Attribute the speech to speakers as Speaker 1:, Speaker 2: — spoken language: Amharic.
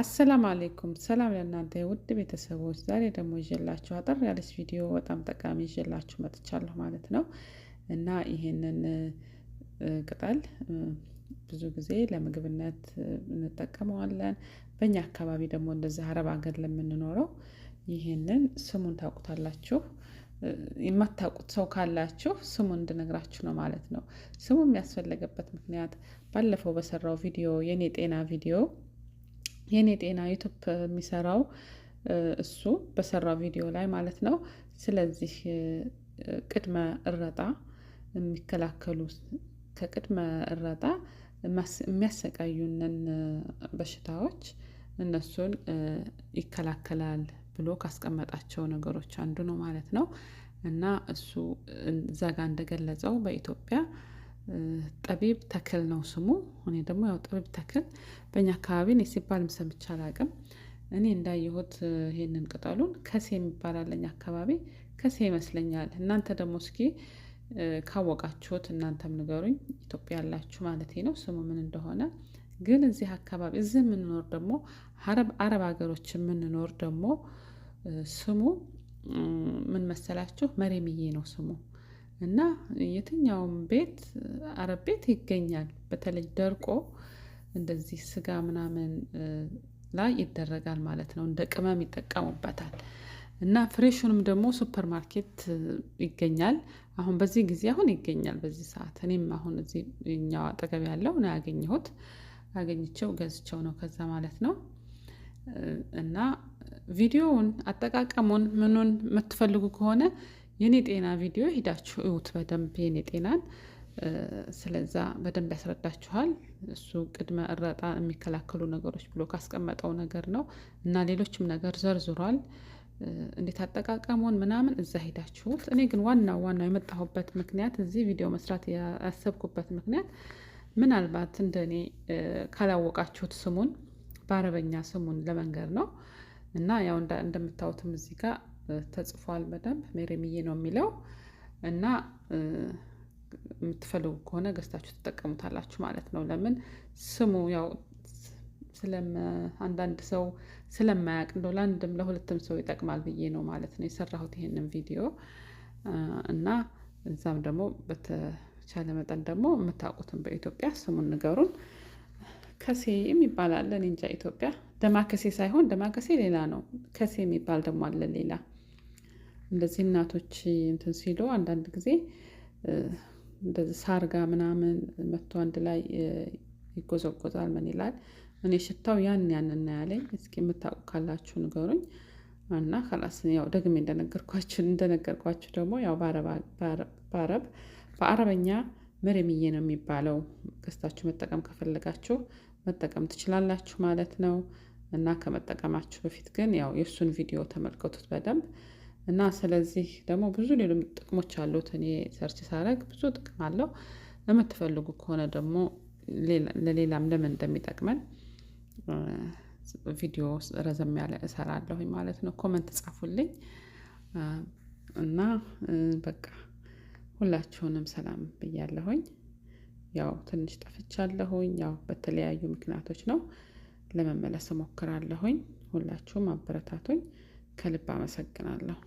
Speaker 1: አሰላም አሌይኩም ሰላም ለእናንተ የውድ ቤተሰቦች፣ ዛሬ ደግሞ ይዤላችሁ አጠር ያለች ቪዲዮ በጣም ጠቃሚ ይዤላችሁ መጥቻለሁ ማለት ነው እና ይሄንን ቅጠል ብዙ ጊዜ ለምግብነት እንጠቀመዋለን። በእኛ አካባቢ ደግሞ እንደዚህ አረብ ሀገር ለምንኖረው ይሄንን ስሙን ታውቁታላችሁ። የማታውቁት ሰው ካላችሁ ስሙን እንድነግራችሁ ነው ማለት ነው። ስሙ የሚያስፈለገበት ምክንያት ባለፈው በሰራው ቪዲዮ የኔ ጤና ቪዲዮ የኔ ጤና ዩቱብ የሚሰራው እሱ በሰራው ቪዲዮ ላይ ማለት ነው። ስለዚህ ቅድመ እረጣ የሚከላከሉ ከቅድመ እረጣ የሚያሰቃዩንን በሽታዎች እነሱን ይከላከላል ብሎ ካስቀመጣቸው ነገሮች አንዱ ነው ማለት ነው እና እሱ እዛ ጋ እንደገለጸው በኢትዮጵያ ጠቢብ ተክል ነው ስሙ። እኔ ደግሞ ያው ጠቢብ ተክል በእኛ አካባቢ እኔ ሲባልም ሰምቼ አላውቅም። እኔ እንዳየሁት ይሄንን ቅጠሉን ከሴ የሚባላለኝ አካባቢ ከሴ ይመስለኛል። እናንተ ደግሞ እስኪ ካወቃችሁት እናንተም ንገሩኝ፣ ኢትዮጵያ ያላችሁ ማለት ነው ስሙ ምን እንደሆነ። ግን እዚህ አካባቢ እዚህ የምንኖር ደግሞ አረብ ሀገሮች የምንኖር ደግሞ ስሙ ምን መሰላችሁ? መሬምዬ ነው ስሙ። እና የትኛውም ቤት አረብ ቤት ይገኛል። በተለይ ደርቆ እንደዚህ ስጋ ምናምን ላይ ይደረጋል ማለት ነው። እንደ ቅመም ይጠቀሙበታል። እና ፍሬሹንም ደግሞ ሱፐር ማርኬት ይገኛል። አሁን በዚህ ጊዜ አሁን ይገኛል በዚህ ሰዓት። እኔም አሁን እዚህ እኛው አጠገብ ያለው ነው ያገኘሁት። አገኝቸው ገዝቸው ነው ከዛ ማለት ነው። እና ቪዲዮውን አጠቃቀሙን ምኑን የምትፈልጉ ከሆነ የኔ ጤና ቪዲዮ ሂዳችሁ እዩት በደንብ የኔ ጤናን ስለዛ በደንብ ያስረዳችኋል። እሱ ቅድመ እረጣ የሚከላከሉ ነገሮች ብሎ ካስቀመጠው ነገር ነው እና ሌሎችም ነገር ዘርዝሯል። እንዴት አጠቃቀሙን ምናምን እዛ ሄዳችሁት። እኔ ግን ዋናው ዋናው የመጣሁበት ምክንያት እዚህ ቪዲዮ መስራት ያሰብኩበት ምክንያት ምናልባት እንደ እኔ ካላወቃችሁት ስሙን በአረበኛ ስሙን ለመንገር ነው እና ያው እንደምታዩትም እዚህ ጋር ተጽፏል በደንብ ሜሪምዬ ነው የሚለው እና የምትፈልጉ ከሆነ ገዝታችሁ ትጠቀሙታላችሁ ማለት ነው። ለምን ስሙ ያው አንዳንድ ሰው ስለማያውቅ እንደው ለአንድም ለሁለትም ሰው ይጠቅማል ብዬ ነው ማለት ነው የሰራሁት ይሄንን ቪዲዮ እና እዛም ደግሞ በተቻለ መጠን ደግሞ የምታውቁትን በኢትዮጵያ ስሙን ንገሩን። ከሴ የሚባል አለ እንጃ ኢትዮጵያ ደማከሴ ሳይሆን ደማከሴ ሌላ ነው። ከሴ የሚባል ደግሞ አለ ሌላ እንደዚህ እናቶች እንትን ሲሉ አንዳንድ ጊዜ እንደዚህ ሳር ጋ ምናምን መጥቶ አንድ ላይ ይጎዘጎዛል። ምን ይላል? እኔ ሽታው ያን ያን እናያለኝ። እስኪ የምታውቁ ካላችሁ ንገሩኝ እና ከላስ ያው ደግሜ እንደነገርኳችሁ እንደነገርኳችሁ ደግሞ ያው በአረብ በአረበኛ መረምዬ ነው የሚባለው። ገዝታችሁ መጠቀም ከፈለጋችሁ መጠቀም ትችላላችሁ ማለት ነው። እና ከመጠቀማችሁ በፊት ግን ያው የእሱን ቪዲዮ ተመልከቱት በደንብ እና ስለዚህ ደግሞ ብዙ ሌሎም ጥቅሞች አሉት። እኔ ሰርች ሳረግ ብዙ ጥቅም አለው። ለምትፈልጉ ከሆነ ደግሞ ለሌላም ለምን እንደሚጠቅመን ቪዲዮ ረዘም ያለ እሰራለሁኝ ማለት ነው። ኮመንት ጻፉልኝ እና በቃ ሁላችሁንም ሰላም ብያለሁኝ። ያው ትንሽ ጠፍቻለሁኝ። ያው በተለያዩ ምክንያቶች ነው። ለመመለስ እሞክራለሁኝ። ሁላችሁም አበረታቱኝ። ከልብ አመሰግናለሁ።